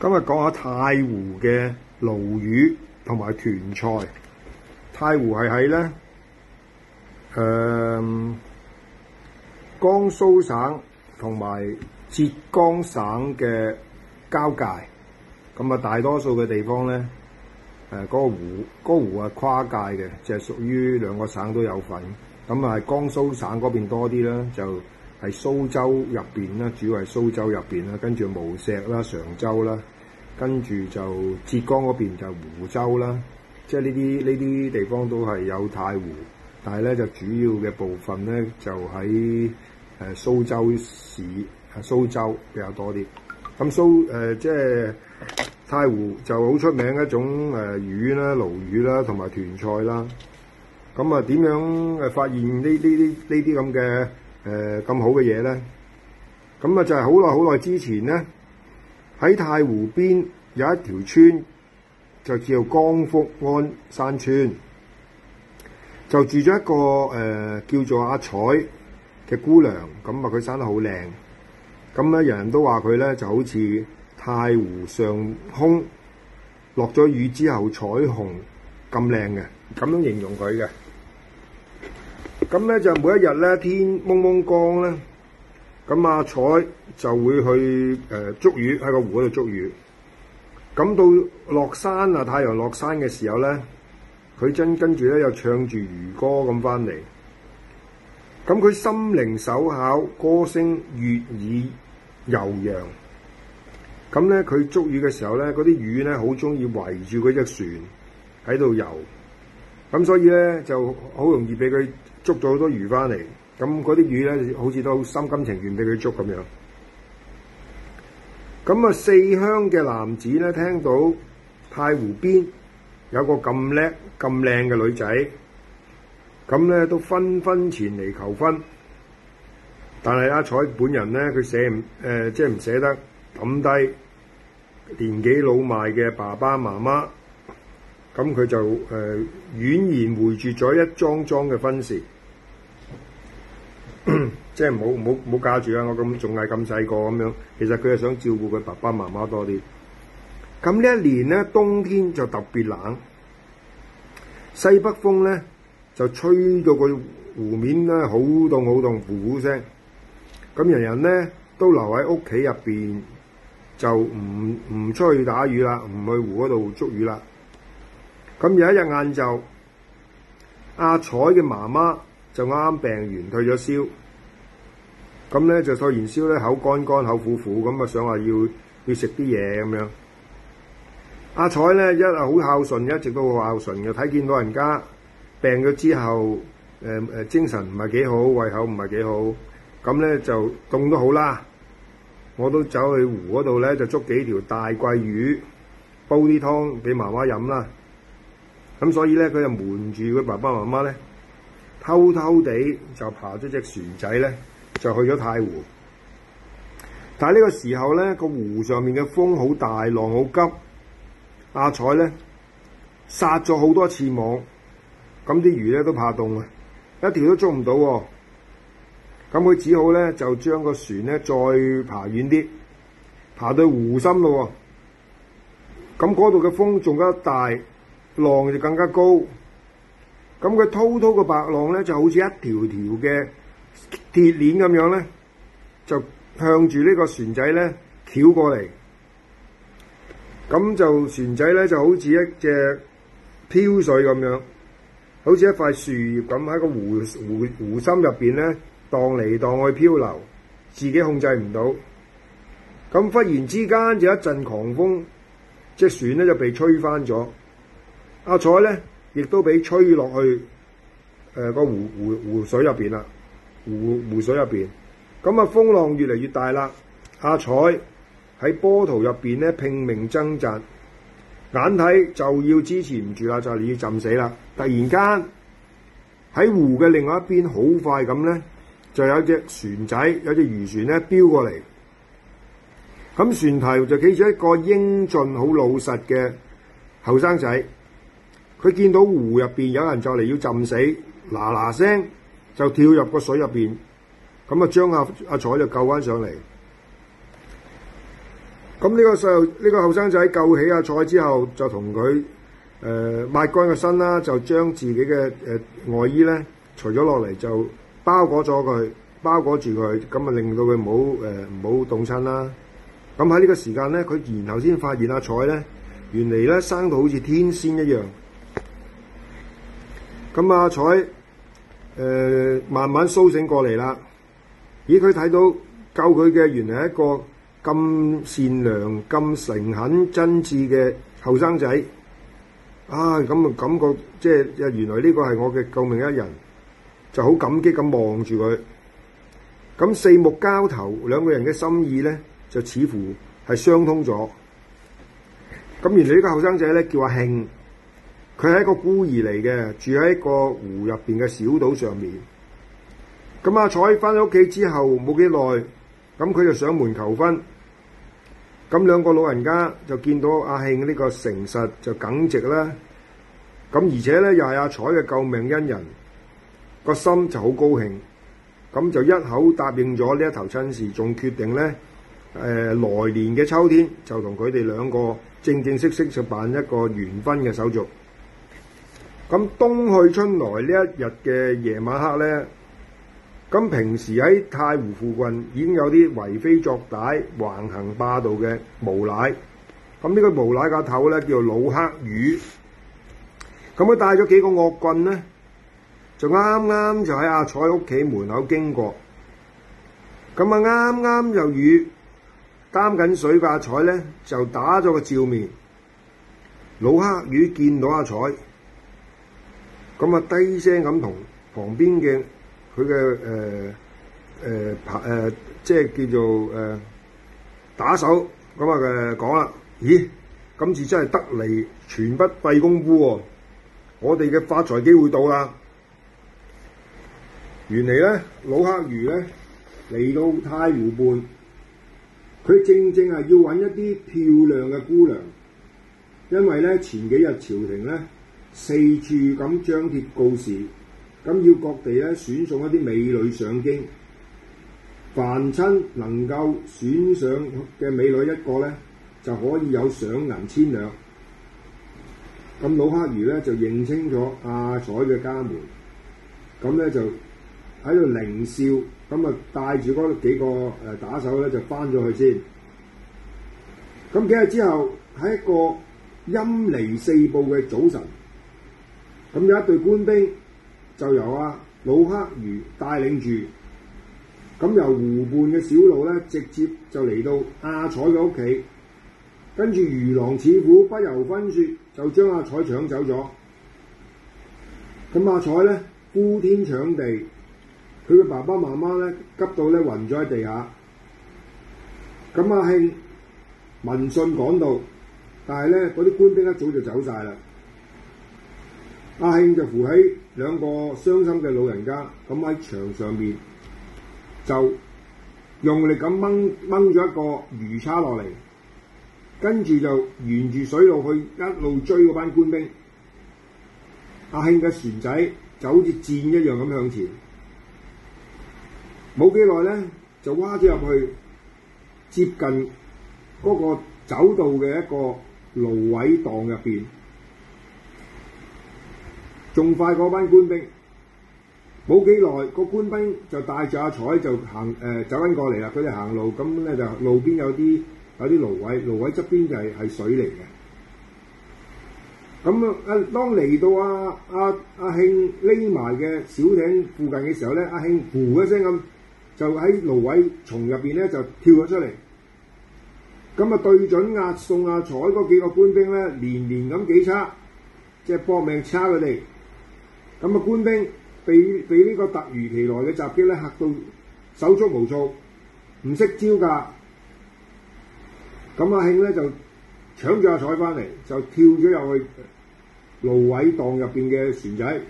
今日講下太湖嘅鱸魚同埋蓴菜。太湖係喺咧，誒、呃，江蘇省同埋浙江省嘅交界。咁啊，大多數嘅地方咧，誒、那、嗰個湖，嗰、那個湖係跨界嘅，就係、是、屬於兩個省都有份。咁啊，係江蘇省嗰邊多啲啦，就。係蘇州入邊啦，主要係蘇州入邊啦，跟住無錫啦、常州啦，跟住就浙江嗰邊就湖州啦，即係呢啲呢啲地方都係有太湖，但係咧就主要嘅部分咧就喺誒、呃、蘇州市，係、啊、蘇州比較多啲。咁、嗯、蘇誒即係太湖就好出名一種誒、呃、魚啦、鱸魚啦，同埋蓴菜啦。咁啊，點樣誒發現呢？呢啲呢啲咁嘅？這誒咁、呃、好嘅嘢咧，咁啊就係好耐好耐之前咧，喺太湖邊有一條村，就叫江福安山村，就住咗一個誒、呃、叫做阿彩嘅姑娘，咁啊佢生得好靚，咁、嗯、咧人人都話佢咧就好似太湖上空落咗雨之後彩虹咁靚嘅，咁樣形容佢嘅。咁咧就每一日咧天蒙蒙光咧，咁、啊、阿彩就會去誒捉魚，喺個湖度捉魚。咁到落山啊，太陽落山嘅時候咧，佢真跟住咧又唱住漁歌咁翻嚟。咁佢心靈手巧，歌聲悅耳悠揚。咁咧佢捉魚嘅時候咧，嗰啲魚咧好中意圍住嗰隻船喺度遊。咁所以咧就好容易俾佢捉咗好多魚翻嚟，咁嗰啲魚咧好似都心甘情願俾佢捉咁樣。咁啊，四鄉嘅男子咧聽到太湖邊有個咁叻咁靚嘅女仔，咁咧都紛紛前嚟求婚。但係阿彩本人咧，佢捨唔誒，即係唔捨得抌低年紀老邁嘅爸爸媽媽。咁佢就誒、呃、婉言回絕咗一樁樁嘅婚事， 即係唔好唔好唔好嫁住啊！我咁仲係咁細個咁樣，其實佢係想照顧佢爸爸媽媽多啲。咁呢一年咧，冬天就特別冷，西北風咧就吹到個湖面咧好凍好凍，呼呼聲。咁人人咧都留喺屋企入邊，就唔唔出去打魚啦，唔去湖嗰度捉魚啦。咁有一日晏晝，阿彩嘅媽媽就啱啱病完退咗燒，咁咧就退完燒咧口乾乾口苦苦咁啊，想話要要食啲嘢咁樣。阿彩咧一係好孝順，一直都好孝順嘅，睇見老人家病咗之後，誒、呃、誒精神唔係幾好，胃口唔係幾好，咁咧就凍都好啦，我都走去湖嗰度咧就捉幾條大桂魚，煲啲湯俾媽媽飲啦。咁所以咧，佢就瞞住佢爸爸媽媽咧，偷偷地就爬咗隻船仔咧，就去咗太湖。但係呢個時候咧，個湖上面嘅風好大，浪好急。阿彩咧撒咗好多次網，咁啲魚咧都怕凍啊，一條都捉唔到喎。咁佢只好咧就將個船咧再爬遠啲，爬到湖心咯喎。咁嗰度嘅風仲加大。浪就更加高，咁佢滔滔嘅白浪咧，就好似一條條嘅鐵鏈咁樣咧，就向住呢個船仔咧翹過嚟，咁就船仔咧就好似一隻漂水咁樣，好似一塊樹葉咁喺個湖湖湖心入邊咧，蕩嚟蕩去漂流，自己控制唔到，咁忽然之間就一陣狂風，隻船咧就被吹翻咗。阿彩咧，亦都俾吹落去誒、呃、個湖湖湖水入邊啦，湖湖水入邊。咁啊，風浪越嚟越大啦。阿彩喺波濤入邊咧，拼命掙扎，眼睇就要支持唔住啦，就要浸死啦。突然間喺湖嘅另外一邊，好快咁咧，就有隻船仔，有隻漁船咧飆過嚟。咁船頭就企住一個英俊、好老實嘅後生仔。佢見到湖入邊有人就嚟要浸死，嗱嗱聲就跳入個水入邊，咁啊將阿阿彩就救翻上嚟。咁、這、呢個細路呢個後生仔救起阿彩之後，就同佢誒抹乾個身啦，就將自己嘅誒、呃、外衣咧除咗落嚟，就包裹咗佢，包裹住佢，咁啊令到佢唔好誒唔好凍親啦。咁喺呢個時間咧，佢然後先發現阿、啊、彩咧，原嚟咧生到好似天仙一樣。咁阿、嗯啊、彩，誒、呃、慢慢甦醒過嚟啦，咦，佢睇到救佢嘅原來一個咁善良、咁誠懇、真摯嘅後生仔，啊咁啊、嗯、感覺即係原來呢個係我嘅救命一人，就好感激咁望住佢，咁、嗯、四目交投，兩個人嘅心意咧就似乎係相通咗。咁、嗯、原來呢個後生仔咧叫阿慶。佢係一個孤兒嚟嘅，住喺一個湖入邊嘅小島上面。咁、啊、阿彩翻咗屋企之後冇幾耐，咁佢就上門求婚。咁兩個老人家就見到阿慶呢個誠實就耿直啦。咁而且咧，又係阿、啊、彩嘅救命恩人，個心就好高興，咁就一口答應咗呢一頭親事，仲決定咧誒、呃、來年嘅秋天就同佢哋兩個正正式式就辦一個完婚嘅手續。咁冬去春來呢一日嘅夜晚黑咧，咁平時喺太湖附近已經有啲為非作歹、橫行霸道嘅無賴。咁呢、嗯這個無賴個頭咧叫做老黑魚，咁佢帶咗幾個惡棍咧，就啱啱就喺阿彩屋企門口經過。咁啊啱啱又與擔緊水嘅阿彩咧，就打咗個照面。老黑魚見到阿彩。咁啊，低聲咁同旁邊嘅佢嘅誒誒拍誒，即係叫做誒、呃、打手咁啊嘅講啦。咦，今次真係得嚟全不費工夫喎、哦！我哋嘅發財機會到啦。原嚟咧，老黑魚咧嚟到太湖畔，佢正正係要揾一啲漂亮嘅姑娘，因為咧前幾日朝廷咧。四處咁張貼告示，咁要各地咧選送一啲美女上京，凡親能夠選上嘅美女一個咧，就可以有賞銀千兩。咁老黑魚咧就認清楚阿彩嘅家門，咁咧就喺度凌笑，咁啊帶住嗰幾個誒打手咧就返咗去先。咁幾日之後喺一個陰離四布嘅早晨。咁有一隊官兵就由啊老黑魚帶領住，咁由湖畔嘅小路咧，直接就嚟到阿彩嘅屋企，跟住如狼似虎，不由分說就將阿彩搶走咗。咁阿彩咧呼天搶地，佢嘅爸爸媽媽咧急到咧暈咗喺地下。咁阿慶聞訊趕到，但係咧嗰啲官兵一早就走晒啦。阿慶就扶起兩個傷心嘅老人家，咁喺牆上面就用力咁掹掹咗一個魚叉落嚟，跟住就沿住水路去一路追嗰班官兵。阿慶嘅船仔就好似箭一樣咁向前，冇幾耐咧就劃咗入去，接近嗰個走道嘅一個蘆葦蕩入邊。仲快過嗰班官兵，冇幾耐，個官兵就帶住阿彩就行誒、呃、走緊過嚟啦。佢哋行路咁咧，就路邊有啲有啲蘆葦，蘆葦側邊就係、是、係水嚟嘅。咁啊，當嚟到阿阿阿興匿埋嘅小艇附近嘅時候咧，阿興呼一聲咁，就喺蘆葦叢入邊咧就跳咗出嚟。咁啊，對準押送阿、啊、彩嗰幾個官兵咧，連連咁幾叉，即係搏命叉佢哋。咁啊，官兵被被呢個突如其來嘅襲擊咧嚇到手足無措，唔識招架。咁阿慶咧就搶咗阿彩翻嚟，就跳咗入去蘆葦蕩入邊嘅船仔。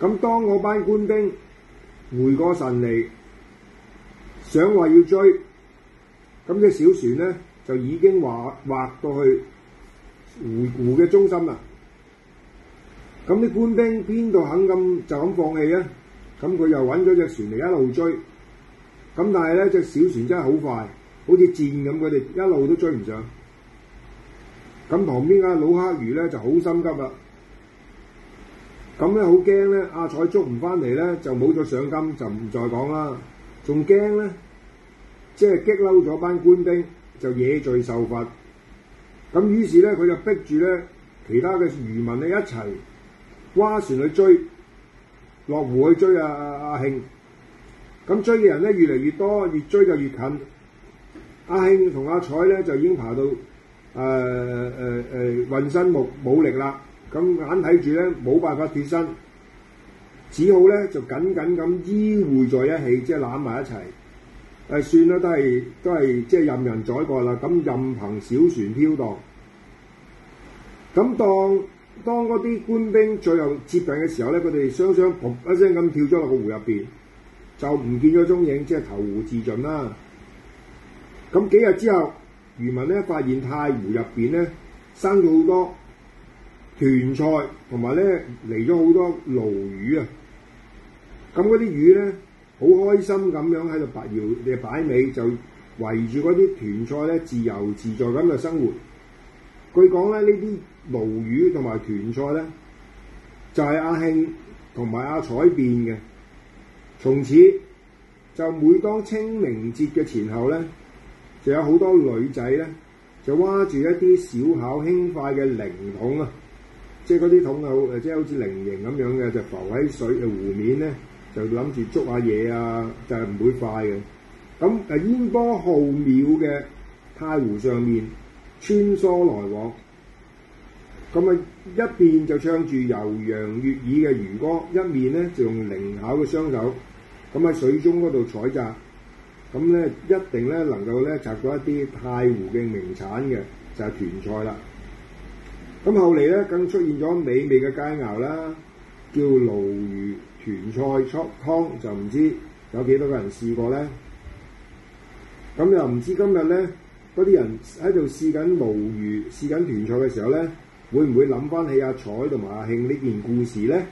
咁當嗰班官兵回過神嚟，想話要追，咁隻小船咧就已經劃劃到去湖湖嘅中心啦。咁啲官兵邊度肯咁就咁放棄啊？咁佢又揾咗隻船嚟一路追。咁但係咧隻小船真係好快，好似箭咁，佢哋一路都追唔上。咁旁邊嘅老黑魚咧就好心急啦。咁咧好驚咧，阿彩捉唔翻嚟咧就冇咗賞金，就唔再講啦。仲驚咧，即係激嬲咗班官兵就惹罪受罰。咁於是咧佢就逼住咧其他嘅漁民咧一齊。划船去追，落湖去追啊！阿、啊啊、慶，咁追嘅人咧越嚟越多，越追就越近。阿、啊、慶同阿、啊、彩咧就已經爬到誒誒誒渾身冇冇力啦，咁眼睇住咧冇辦法脫身，只好咧就緊緊咁依偎在一起，即係攬埋一齊。誒算啦，都係都係即係任人宰割啦。咁任憑小船漂盪，咁當。當嗰啲官兵最後接近嘅時候咧，佢哋雙雙嘭一聲咁跳咗落個湖入邊，就唔見咗蹤影，即係投湖自盡啦。咁幾日之後，漁民咧發現太湖入邊咧生咗好多蓴菜，同埋咧嚟咗好多鱸魚啊。咁嗰啲魚咧好開心咁樣喺度擺搖嘅擺尾，就圍住嗰啲蓴菜咧自由自在咁嘅生活。佢講咧呢啲鱸魚同埋蓴菜咧，就係、是、阿慶同埋阿彩變嘅，從此就每當清明節嘅前後咧，就有好多女仔咧就挖住一啲小巧輕快嘅靈桶啊，即係嗰啲桶啊，即係好似菱形咁樣嘅，就浮喺水嘅湖面咧，就諗住捉下嘢啊，就係、是、唔會快嘅。咁、嗯、啊煙波浩渺嘅太湖上面穿梭來往，咁啊一邊就唱住悠揚悅耳嘅漁歌，一面咧就用靈巧嘅雙手，咁喺水中嗰度採摘。咁咧一定咧能夠咧摘到一啲太湖嘅名產嘅就係、是、蓴菜啦。咁後嚟咧更出現咗美味嘅佳肴啦，叫鱸魚蓴菜湯，就唔知有幾多個人試過咧。咁又唔知今日咧？嗰啲人喺度試緊鱸魚、試緊蓴菜嘅時候咧，會唔會諗返起阿彩同阿慶呢件故事咧？